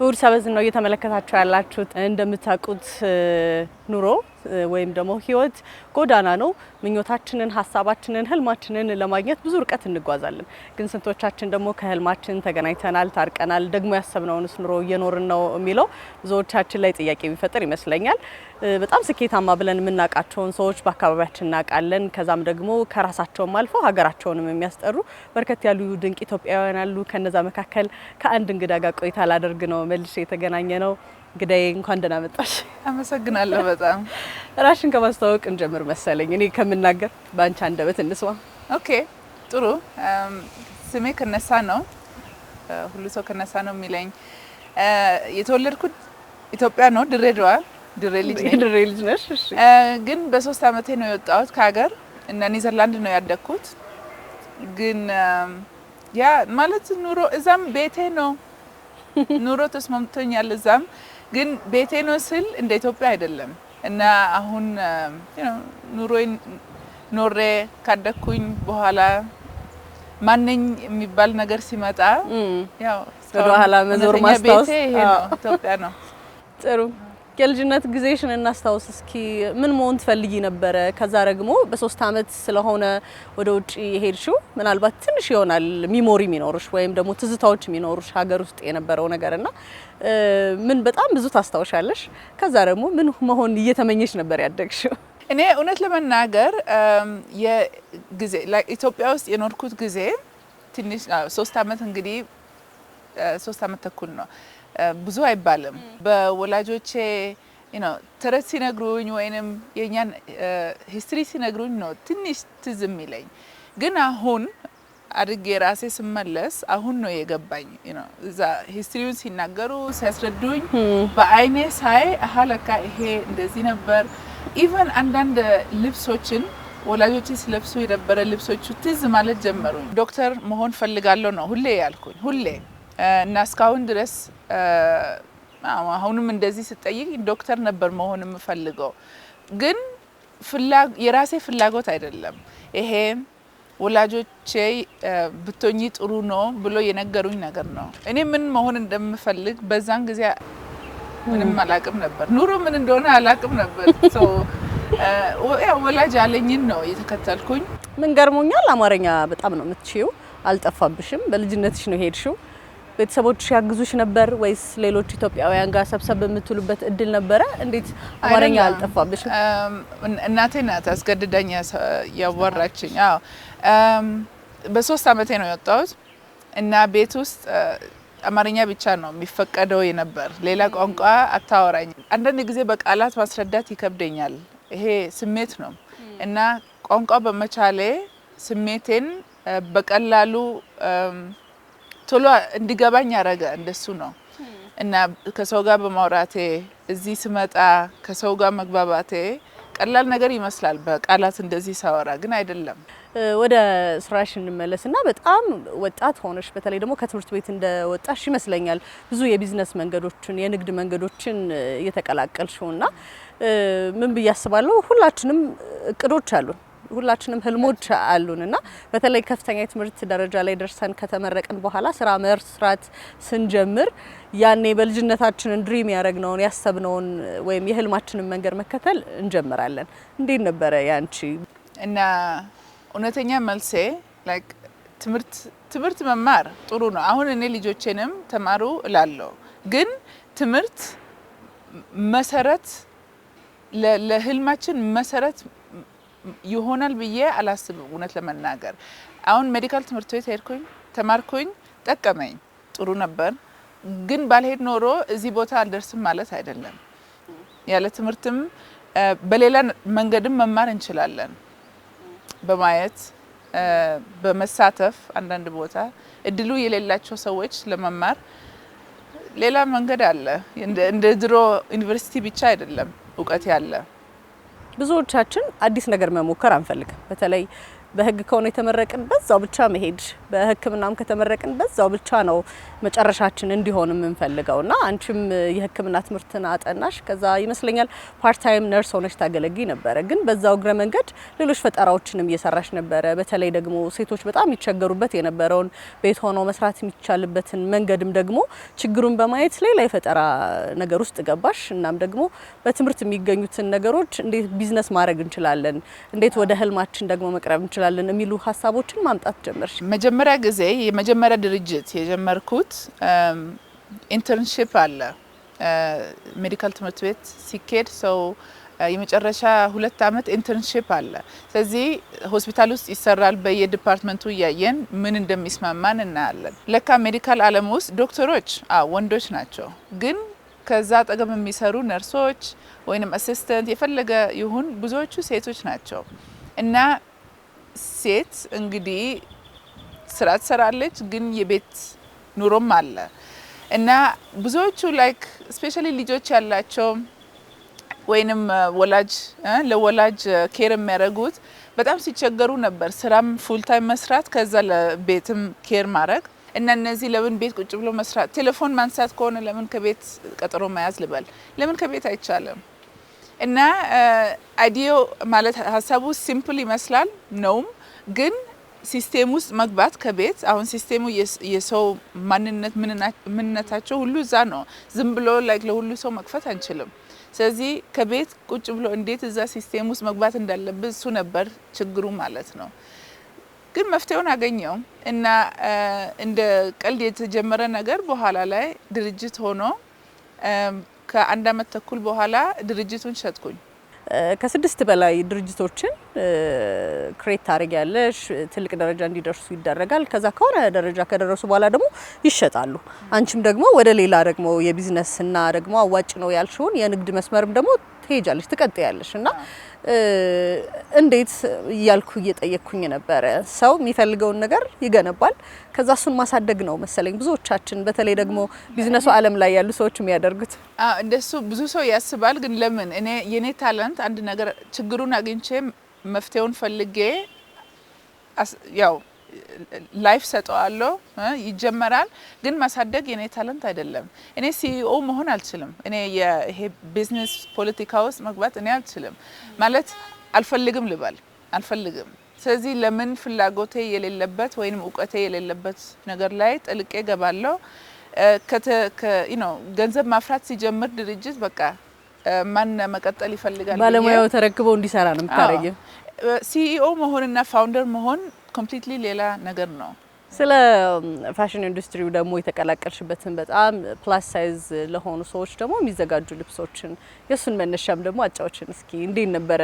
እሁድ ሰበዝ ነው እየተመለከታችሁ ያላችሁት። እንደምታውቁት ኑሮ ወይም ደግሞ ህይወት ጎዳና ነው። ምኞታችንን፣ ሀሳባችንን፣ ህልማችንን ለማግኘት ብዙ እርቀት እንጓዛለን። ግን ስንቶቻችን ደግሞ ከህልማችን ተገናኝተናል፣ ታርቀናል፣ ደግሞ ያሰብነውንስ ኑሮ እየኖርን ነው የሚለው ብዙዎቻችን ላይ ጥያቄ የሚፈጥር ይመስለኛል። በጣም ስኬታማ ብለን የምናውቃቸውን ሰዎች በአካባቢያችን እናውቃለን። ከዛም ደግሞ ከራሳቸውም አልፈው ሀገራቸውንም የሚያስጠሩ በርከት ያሉ ድንቅ ኢትዮጵያውያን አሉ። ከነዛ መካከል ከአንድ እንግዳ ጋር ቆይታ ላደርግ ነው መልሼ የተገናኘ ነው። እንግዳዬ እንኳን ደህና መጣሽ። አመሰግናለሁ በጣም ራሽን ከማስተዋወቅ እንጀምር መሰለኝ እኔ ከምናገር በአንቺ አንደበት እንስማ። ኦኬ ጥሩ። ስሜ ከነሳ ነው፣ ሁሉ ሰው ከነሳ ነው የሚለኝ። የተወለድኩት ኢትዮጵያ ነው፣ ድሬዳዋ። ድሬ ልጅ ነኝ። ድሬ ልጅ ነሽ? እሺ። ግን በሶስት አመቴ ነው የወጣሁት ከሀገር እና ኔዘርላንድ ነው ያደግኩት። ግን ያ ማለት ኑሮ እዛም ቤቴ ነው ኑሮ ተስማምቶኛል እዛም ግን ቤቴ ነው ስል እንደ ኢትዮጵያ አይደለም እና አሁን ኑሮዬን ኖሬ ካደግኩኝ በኋላ ማነኝ የሚባል ነገር ሲመጣ ያው ወደ ኋላ መዞር ማስታወስ ቤቴ ይሄ ነው፣ ኢትዮጵያ ነው። ጥሩ የልጅነት ጊዜሽን እናስታውስ እስኪ። ምን መሆን ትፈልጊ ነበረ? ከዛ ደግሞ በሶስት አመት ስለሆነ ወደ ውጭ የሄድሽው ምናልባት ትንሽ ይሆናል ሚሞሪ የሚኖሩሽ ወይም ደግሞ ትዝታዎች የሚኖሩሽ ሀገር ውስጥ የነበረው ነገር እና ምን በጣም ብዙ ታስታውሻለሽ። ከዛ ደግሞ ምን መሆን እየተመኘሽ ነበር ያደግሽው? እኔ እውነት ለመናገር የጊዜ ኢትዮጵያ ውስጥ የኖርኩት ጊዜ ትንሽ ሶስት አመት እንግዲህ ሶስት አመት ተኩል ነው ብዙ አይባልም። በወላጆቼ ተረት ሲነግሩኝ ወይም የእኛን ሂስትሪ ሲነግሩኝ ነው ትንሽ ትዝ የሚለኝ። ግን አሁን አድጌ ራሴ ስመለስ አሁን ነው የገባኝ። እዛ ሂስትሪውን ሲናገሩ ሲያስረዱኝ በአይኔ ሳይ አሀ ለካ ይሄ እንደዚህ ነበር። ኢቨን አንዳንድ ልብሶችን ወላጆች ሲለብሱ የነበረ ልብሶቹ ትዝ ማለት ጀመሩኝ። ዶክተር መሆን ፈልጋለሁ ነው ሁሌ ያልኩኝ ሁሌ Eh, እና እስካሁን ድረስ eh, አሁንም እንደዚህ ስጠይቅ ዶክተር ነበር መሆን የምፈልገው ግን የራሴ ፍላጎት አይደለም። ይሄ ወላጆቼ eh, ብቶኝ ጥሩ ነው ብሎ የነገሩኝ ነገር ነው። እኔ ምን መሆን እንደምፈልግ በዛን ጊዜ ምንም አላቅም ነበር። ኑሮ ምን እንደሆነ አላቅም ነበር። ወላጅ አለኝን ነው የተከተልኩኝ። ምን ገርሞኛል፣ አማርኛ በጣም ነው የምትችይው፣ አልጠፋብሽም። በልጅነትሽ ነው ሄድሽው ቤተሰቦች ሲያግዙሽ ነበር ወይስ ሌሎች ኢትዮጵያውያን ጋር ሰብሰብ የምትሉበት እድል ነበረ? እንዴት አማርኛ አልጠፋብሽም? እናቴ ናት አስገድዳኝ ያወራችኝ። አዎ በሶስት አመቴ ነው የወጣሁት እና ቤት ውስጥ አማርኛ ብቻ ነው የሚፈቀደው ነበር። ሌላ ቋንቋ አታወራኝ። አንዳንድ ጊዜ በቃላት ማስረዳት ይከብደኛል። ይሄ ስሜት ነው እና ቋንቋ በመቻሌ ስሜቴን በቀላሉ ቶሎ እንዲገባኝ ያረገ እንደሱ ነው እና ከሰው ጋር በማውራቴ እዚህ ስመጣ ከሰው ጋር መግባባቴ ቀላል ነገር ይመስላል በቃላት እንደዚህ ሳወራ ግን አይደለም። ወደ ስራሽ እንመለስ እና በጣም ወጣት ሆነሽ በተለይ ደግሞ ከትምህርት ቤት እንደወጣሽ ይመስለኛል ብዙ የቢዝነስ መንገዶችን የንግድ መንገዶችን እየተቀላቀልሽው እና ምን ብዬ አስባለሁ ሁላችንም እቅዶች አሉን ሁላችንም ህልሞች አሉን እና በተለይ ከፍተኛ የትምህርት ደረጃ ላይ ደርሰን ከተመረቅን በኋላ ስራ መስራት ስንጀምር ያኔ በልጅነታችንን ድሪም ያደረግነውን ያሰብነውን ወይም የህልማችንን መንገድ መከተል እንጀምራለን። እንዴት ነበረ ያንቺ? እና እውነተኛ መልሴ ትምህርት ትምህርት መማር ጥሩ ነው። አሁን እኔ ልጆቼንም ተማሩ እላለሁ፣ ግን ትምህርት መሰረት ለህልማችን መሰረት ይሆናል ብዬ አላስብም። እውነት ለመናገር አሁን ሜዲካል ትምህርት ቤት ሄድኩኝ፣ ተማርኩኝ፣ ጠቀመኝ፣ ጥሩ ነበር። ግን ባልሄድ ኖሮ እዚህ ቦታ አልደርስም ማለት አይደለም። ያለ ትምህርትም በሌላ መንገድም መማር እንችላለን። በማየት በመሳተፍ አንዳንድ ቦታ እድሉ የሌላቸው ሰዎች ለመማር ሌላ መንገድ አለ። እንደ ድሮ ዩኒቨርሲቲ ብቻ አይደለም እውቀት ያለ ብዙዎቻችን አዲስ ነገር መሞከር አንፈልግም። በተለይ በህግ ከሆነ የተመረቅን በዛው ብቻ መሄድ፣ በህክምናም ከተመረቅን በዛው ብቻ ነው መጨረሻችን እንዲሆን የምንፈልገው እና አንቺም የህክምና ትምህርትን አጠናሽ። ከዛ ይመስለኛል ፓርታይም ነርስ ሆነች ታገለግይ ነበረ። ግን በዛው እግረ መንገድ ሌሎች ፈጠራዎችንም እየሰራሽ ነበረ። በተለይ ደግሞ ሴቶች በጣም ይቸገሩበት የነበረውን ቤት ሆኖ መስራት የሚቻልበትን መንገድም ደግሞ ችግሩን በማየት ሌላ የፈጠራ ነገር ውስጥ ገባሽ። እናም ደግሞ በትምህርት የሚገኙትን ነገሮች እንዴት ቢዝነስ ማድረግ እንችላለን፣ እንዴት ወደ ህልማችን ደግሞ መቅረብ እንችላለን እንችላለን የሚሉ ሀሳቦችን ማምጣት ጀመርሽ? መጀመሪያ ጊዜ የመጀመሪያ ድርጅት የጀመርኩት ኢንተርንሽፕ አለ ሜዲካል ትምህርት ቤት ሲኬድ ሰው የመጨረሻ ሁለት ዓመት ኢንተርንሽፕ አለ። ስለዚህ ሆስፒታል ውስጥ ይሰራል። በየዲፓርትመንቱ እያየን ምን እንደሚስማማን እናያለን። ለካ ሜዲካል ዓለም ውስጥ ዶክተሮች ወንዶች ናቸው፣ ግን ከዛ አጠገብ የሚሰሩ ነርሶች ወይም አሲስተንት የፈለገ ይሁን ብዙዎቹ ሴቶች ናቸው እና ሴት እንግዲህ ስራ ትሰራለች፣ ግን የቤት ኑሮም አለ እና ብዙዎቹ ላይክ ስፔሻሊ ልጆች ያላቸው ወይንም ወላጅ ለወላጅ ኬር የሚያደርጉት በጣም ሲቸገሩ ነበር። ስራም ፉልታይም መስራት ከዛ ለቤትም ኬር ማድረግ እና እነዚህ ለምን ቤት ቁጭ ብሎ መስራት ቴሌፎን ማንሳት ከሆነ ለምን ከቤት ቀጠሮ መያዝ ልበል፣ ለምን ከቤት አይቻልም? እና አይዲዮ ማለት ሀሳቡ ሲምፕል ይመስላል ነውም፣ ግን ሲስቴም ውስጥ መግባት ከቤት አሁን ሲስቴሙ የሰው ማንነት ምንነታቸው ሁሉ እዛ ነው። ዝም ብሎ ላይክ ለሁሉ ሰው መክፈት አንችልም። ስለዚህ ከቤት ቁጭ ብሎ እንዴት እዛ ሲስቴም ውስጥ መግባት እንዳለብን እሱ ነበር ችግሩ ማለት ነው። ግን መፍትሄውን አገኘው እና እንደ ቀልድ የተጀመረ ነገር በኋላ ላይ ድርጅት ሆኖ ከአንድ አመት ተኩል በኋላ ድርጅቱን ሸጥኩኝ። ከስድስት በላይ ድርጅቶችን ክሬት ታደርጊያለሽ። ትልቅ ደረጃ እንዲደርሱ ይደረጋል። ከዛ ከሆነ ደረጃ ከደረሱ በኋላ ደግሞ ይሸጣሉ። አንቺም ደግሞ ወደ ሌላ ደግሞ የቢዝነስና ደግሞ አዋጭ ነው ያልሽውን የንግድ መስመርም ደግሞ ትሄጃለሽ፣ ትቀጥያለሽ እና እንዴት እያልኩ እየጠየቅኩኝ ነበረ። ሰው የሚፈልገውን ነገር ይገነባል፣ ከዛ እሱን ማሳደግ ነው መሰለኝ ብዙዎቻችን፣ በተለይ ደግሞ ቢዝነሱ ዓለም ላይ ያሉ ሰዎች የሚያደርጉት እንደሱ። ብዙ ሰው ያስባል፣ ግን ለምን እኔ የኔ ታለንት አንድ ነገር ችግሩን አግኝቼ መፍትሄውን ፈልጌ ያው ላይፍ ሰጠዋለሁ። ይጀመራል። ግን ማሳደግ የኔ ታለንት አይደለም። እኔ ሲኢኦ መሆን አልችልም። እኔ ይሄ ቢዝነስ ፖለቲካ ውስጥ መግባት እኔ አልችልም ማለት አልፈልግም ልበል አልፈልግም። ስለዚህ ለምን ፍላጎቴ የሌለበት ወይም እውቀቴ የሌለበት ነገር ላይ ጥልቄ ገባለሁ። ገንዘብ ማፍራት ሲጀምር ድርጅት በቃ ማን መቀጠል ይፈልጋል? ባለሙያው ተረክበው እንዲሰራ ነው የምታረጊው። ሲኢኦ መሆንና ፋውንደር መሆን ኮምፕሊትሊ ሌላ ነገር ነው። ስለ ፋሽን ኢንዱስትሪው ደግሞ የተቀላቀልሽበትን በጣም ፕላስ ሳይዝ ለሆኑ ሰዎች ደግሞ የሚዘጋጁ ልብሶችን የእሱን መነሻም ደግሞ አጫዎችን እስኪ እንዴት ነበረ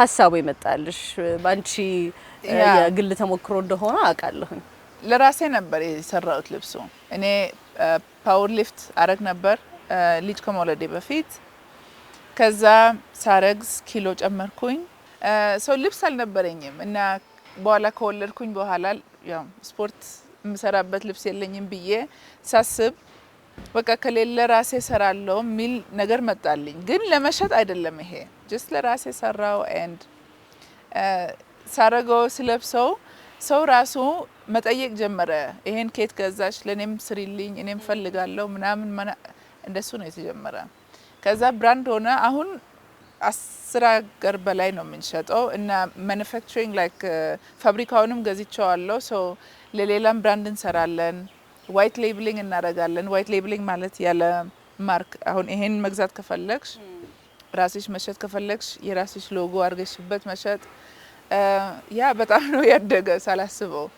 ሀሳቡ ይመጣልሽ? በአንቺ የግል ተሞክሮ እንደሆነ አውቃለሁኝ። ለራሴ ነበር የሰራሁት ልብሱ። እኔ ፓወር ሊፍት አረግ ነበር ልጅ ከመውለዴ በፊት። ከዛ ሳረግዝ ኪሎ ጨመርኩኝ። ሰው ልብስ አልነበረኝም እና በኋላ ከወለድኩኝ በኋላ ያው ስፖርት የምሰራበት ልብስ የለኝም ብዬ ሳስብ በቃ ከሌለ ራሴ ሰራለው የሚል ነገር መጣልኝ። ግን ለመሸጥ አይደለም ይሄ ጀስት ለራሴ ሰራው። ኤንድ ሳረገው ስለብሰው ሰው ራሱ መጠየቅ ጀመረ። ይሄን ኬት ገዛች? ለእኔም ስሪልኝ፣ እኔም ፈልጋለሁ ምናምን። እንደሱ ነው የተጀመረ። ከዛ ብራንድ ሆነ አሁን አስር ሀገር በላይ ነው የምንሸጠው እና ማኑፋክቸሪንግ ላይክ uh, ፋብሪካውንም ገዝቸዋለሁ። ሶ ለሌላም ብራንድ እንሰራለን። ዋይት ሌብሊንግ እናደርጋለን። ዋይት ሌብሊንግ ማለት ያለ ማርክ፣ አሁን ይሄን መግዛት ከፈለግሽ ራስሽ መሸጥ ከፈለግሽ የራስሽ ሎጎ አድርገሽበት መሸጥ። uh, ያ በጣም ነው ያደገ ሳላስበው።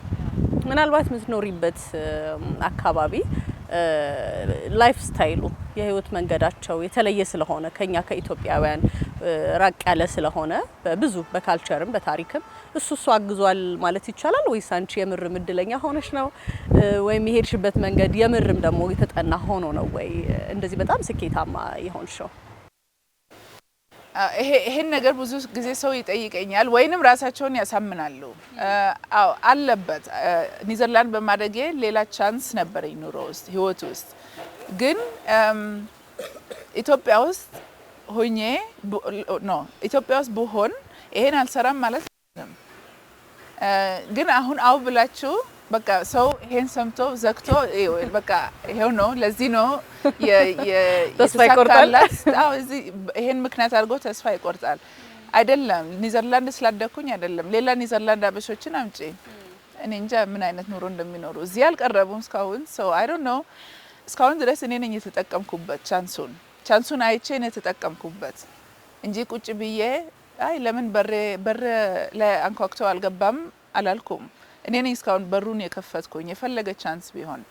ምናልባት የምትኖሪበት um, አካባቢ ላይፍ uh, ስታይሉ የህይወት መንገዳቸው የተለየ ስለሆነ ከኛ ከኢትዮጵያውያን ራቅ ያለ ስለሆነ በብዙ በካልቸርም በታሪክም እሱ እሱ አግዟል ማለት ይቻላል ወይስ አንቺ የምርም እድለኛ ሆነሽ ነው ወይም የሄድሽበት መንገድ የምርም ደግሞ የተጠና ሆኖ ነው ወይ እንደዚህ በጣም ስኬታማ የሆንሽው? ይሄን ነገር ብዙ ጊዜ ሰው ይጠይቀኛል፣ ወይንም ራሳቸውን ያሳምናሉ። አዎ አለበት። ኒዘርላንድ በማደጌ ሌላ ቻንስ ነበረኝ ኑሮ ውስጥ ህይወት ውስጥ ግን ኢትዮጵያ ውስጥ ሆኜ ኖ ኢትዮጵያ ውስጥ ብሆን ይሄን አልሰራም ማለት ግን አሁን አው ብላችሁ በቃ ሰው ይሄን ሰምቶ ዘግቶ በቃ ይሄው ነው። ለዚህ ነው ተስፋ ይቆርጣል። ይሄን ምክንያት አድርጎ ተስፋ ይቆርጣል። አይደለም ኒዘርላንድ ስላደግኩኝ አይደለም። ሌላ ኒዘርላንድ አበሾችን አምጪ። እኔ እንጃ ምን አይነት ኑሮ እንደሚኖሩ እዚህ አልቀረቡም እስካሁን። ሰው አይ ዶንት ኖ እስካሁን ድረስ እኔ ነኝ የተጠቀምኩበት ቻንሱን ቻንሱን አይቼ ነው የተጠቀምኩበት እንጂ ቁጭ ብዬ አይ ለምን በሬ በር ላይ አንኳኩተው አልገባም አላልኩም። እኔ ነኝ እስካሁን በሩን የከፈትኩኝ። የፈለገ ቻንስ ቢሆን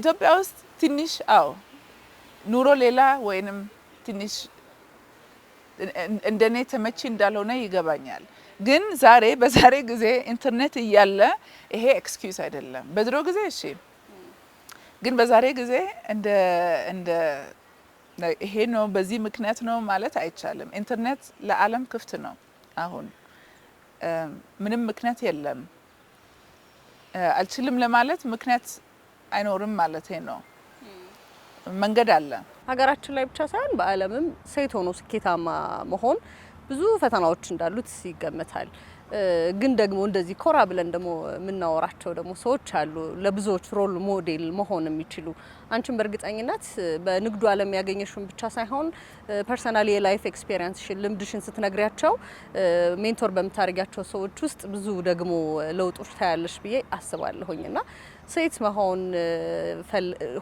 ኢትዮጵያ ውስጥ ትንሽ አዎ ኑሮ ሌላ ወይንም ትንሽ እንደኔ ተመቺ እንዳልሆነ ይገባኛል። ግን ዛሬ በዛሬ ጊዜ ኢንተርኔት እያለ ይሄ ኤክስኪዩዝ አይደለም። በድሮ ጊዜ እሺ፣ ግን በዛሬ ጊዜ እንደ ይሄ ነው በዚህ ምክንያት ነው ማለት አይቻልም። ኢንተርኔት ለዓለም ክፍት ነው። አሁን ምንም ምክንያት የለም። አልችልም ለማለት ምክንያት አይኖርም ማለት ነው። መንገድ አለ። ሀገራችን ላይ ብቻ ሳይሆን በዓለምም ሴት ሆኖ ስኬታማ መሆን ብዙ ፈተናዎች እንዳሉት ይገመታል። ግን ደግሞ እንደዚህ ኮራ ብለን ደግሞ የምናወራቸው ደግሞ ሰዎች አሉ፣ ለብዙዎች ሮል ሞዴል መሆን የሚችሉ አንቺም በእርግጠኝነት በንግዱ ዓለም ያገኘሽውን ብቻ ሳይሆን ፐርሰናል የላይፍ ኤክስፔሪንስሽን ልምድሽን ስትነግሪያቸው ሜንቶር በምታደርጊያቸው ሰዎች ውስጥ ብዙ ደግሞ ለውጦች ታያለሽ ብዬ አስባለሁኝ ሴት መሆን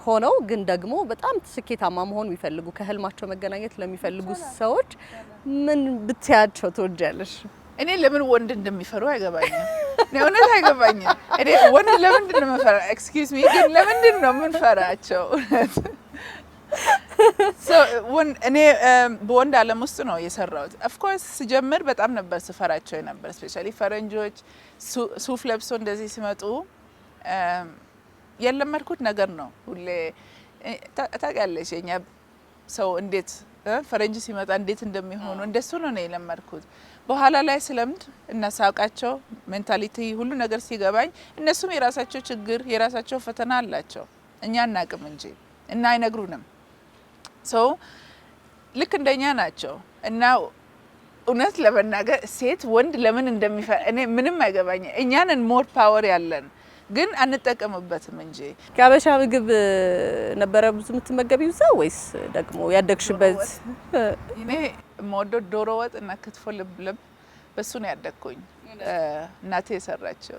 ሆነው ግን ደግሞ በጣም ስኬታማ መሆን የሚፈልጉ ከህልማቸው መገናኘት ለሚፈልጉ ሰዎች ምን ብትያቸው ትወጃለሽ? እኔ ለምን ወንድ እንደሚፈሩ አይገባኝም። እኔ እውነት አይገባኝም። እኔ ወንድ ለምንድን ነው የምንፈራ? ኤክስኪውዝ ሚ ግን ለምንድን ነው የምንፈራቸው? እኔ በወንድ አለም ውስጥ ነው የሰራሁት። ኦፍኮርስ ስጀምር በጣም ነበር ስፈራቸው የነበር ስፔሻሊ ፈረንጆች ሱፍ ለብሶ እንደዚህ ሲመጡ የለመድኩት ነገር ነው። ሁሌ ታውቂያለሽ፣ የኛ ሰው እንዴት ፈረንጅ ሲመጣ እንዴት እንደሚሆኑ እንደሱ ነው ነው የለመድኩት በኋላ ላይ ስለምድ እናሳውቃቸው ሜንታሊቲ ሁሉ ነገር ሲገባኝ እነሱም የራሳቸው ችግር የራሳቸው ፈተና አላቸው። እኛ እናቅም እንጂ እና አይነግሩንም። ሰው ልክ እንደኛ ናቸው እና እውነት ለመናገር ሴት ወንድ ለምን እንደሚፈ እኔ ምንም አይገባኝ። እኛንን ሞር ፓወር ያለን ግን አንጠቀምበትም እንጂ። የሀበሻ ምግብ ነበረ ብዙ የምትመገቢው እዛ ወይስ ደግሞ ያደግሽበት? እኔ የምወደው ዶሮ ወጥ እና ክትፎ ልብልብ፣ በሱ ነው ያደግኩኝ። እናቴ የሰራቸው።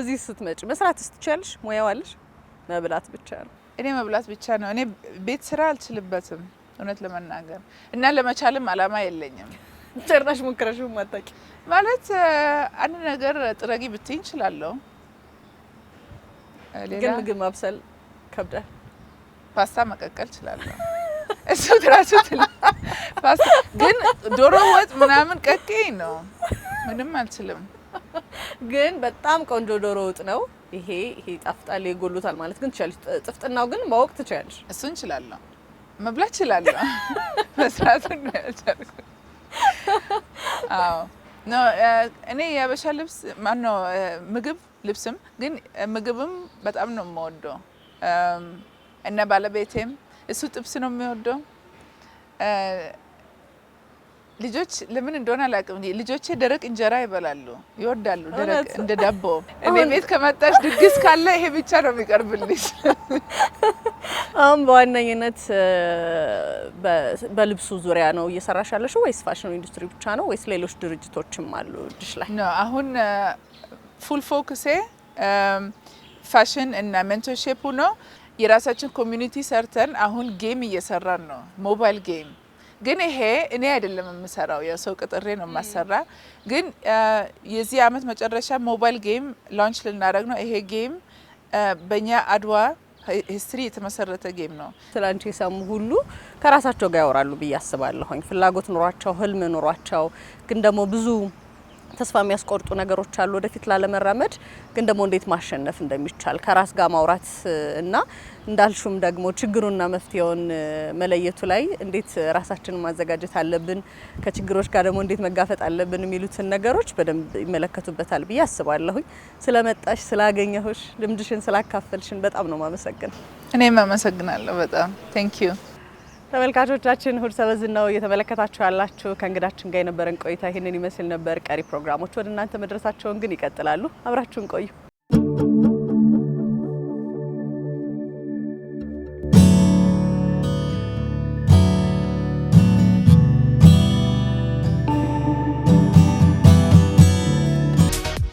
እዚህ ስትመጭ መስራት ስትቻልሽ ሙያዋለሽ መብላት ብቻ ነው? እኔ መብላት ብቻ ነው። እኔ ቤት ስራ አልችልበትም እውነት ለመናገር እና ለመቻልም አላማ የለኝም። ጭራሽ ሞክረሽም ማታቂ ማለት አንድ ነገር ጥረጊ ብትይኝ እችላለሁ ግን ምግብ ማብሰል ከብዳል። ፓስታ መቀቀል እችላለሁ። እሱ ግን ዶሮ ወጥ ምናምን ቀቅኝ ነው ምንም አልችልም። ግን በጣም ቆንጆ ዶሮ ወጥ ነው ይሄ። ይሄ ይጣፍጣል፣ ይጎሉታል ማለት ግን ትችያለሽ። ጥፍጥናው ግን ማወቅ ትችያለሽ። እሱን መብላት እችላለሁ። አዎ እኔ ልብስ ማነው ምግብ ልብስም ግን ምግብም በጣም ነው የምወደው እነ ባለቤቴም እሱ ጥብስ ነው የሚወደው። ልጆች ለምን እንደሆነ አላውቅም፣ ልጆቼ ደረቅ እንጀራ ይበላሉ፣ ይወዳሉ። ደረቅ እንደ ዳቦ። እኔ ቤት ከመጣሽ ድግስ ካለ ይሄ ብቻ ነው የሚቀርብልሽ። አሁን በዋነኝነት በልብሱ ዙሪያ ነው እየሰራሽ ያለሽው ወይስ ፋሽኑ ኢንዱስትሪ ብቻ ነው ወይስ ሌሎች ድርጅቶችም አሉ እጅሽ ላይ? አሁን ፉል ፎክሴ ፋሽን እና ሜንቶርሺፕ ነው። የራሳችን ኮሚኒቲ ሰርተን አሁን ጌም እየሰራን ነው፣ ሞባይል ጌም ግን ይሄ እኔ አይደለም የምሰራው፣ የሰው ቅጥሬ ነው የማሰራ። ግን uh, የዚህ አመት መጨረሻ ሞባይል ጌም ላንች ልናደረግ ነው። ይሄ ጌም uh, በእኛ አድዋ ሂስትሪ የተመሰረተ ጌም ነው። ትላንት የሰሙ ሁሉ ከራሳቸው ጋር ያወራሉ ብዬ አስባለሁኝ። ፍላጎት ኑሯቸው፣ ህልም ኑሯቸው ግን ደግሞ ብዙ ተስፋ የሚያስቆርጡ ነገሮች አሉ። ወደፊት ላለመራመድ ግን ደግሞ እንዴት ማሸነፍ እንደሚቻል ከራስ ጋር ማውራት እና እንዳልሹም ደግሞ ችግሩና መፍትሄውን መለየቱ ላይ እንዴት ራሳችንን ማዘጋጀት አለብን፣ ከችግሮች ጋር ደግሞ እንዴት መጋፈጥ አለብን የሚሉትን ነገሮች በደንብ ይመለከቱበታል ብዬ አስባለሁኝ። ስለመጣሽ፣ ስላገኘሁሽ፣ ልምድሽን ስላካፈልሽን በጣም ነው ማመሰግን። እኔም አመሰግናለሁ በጣም ቴንክ ዩ ተመልካቾቻችን እሁድ ሰበዝን ነው እየተመለከታችሁ ያላችሁ። ከእንግዳችን ጋር የነበረን ቆይታ ይህንን ይመስል ነበር። ቀሪ ፕሮግራሞች ወደ እናንተ መድረሳቸውን ግን ይቀጥላሉ። አብራችሁን ቆዩ።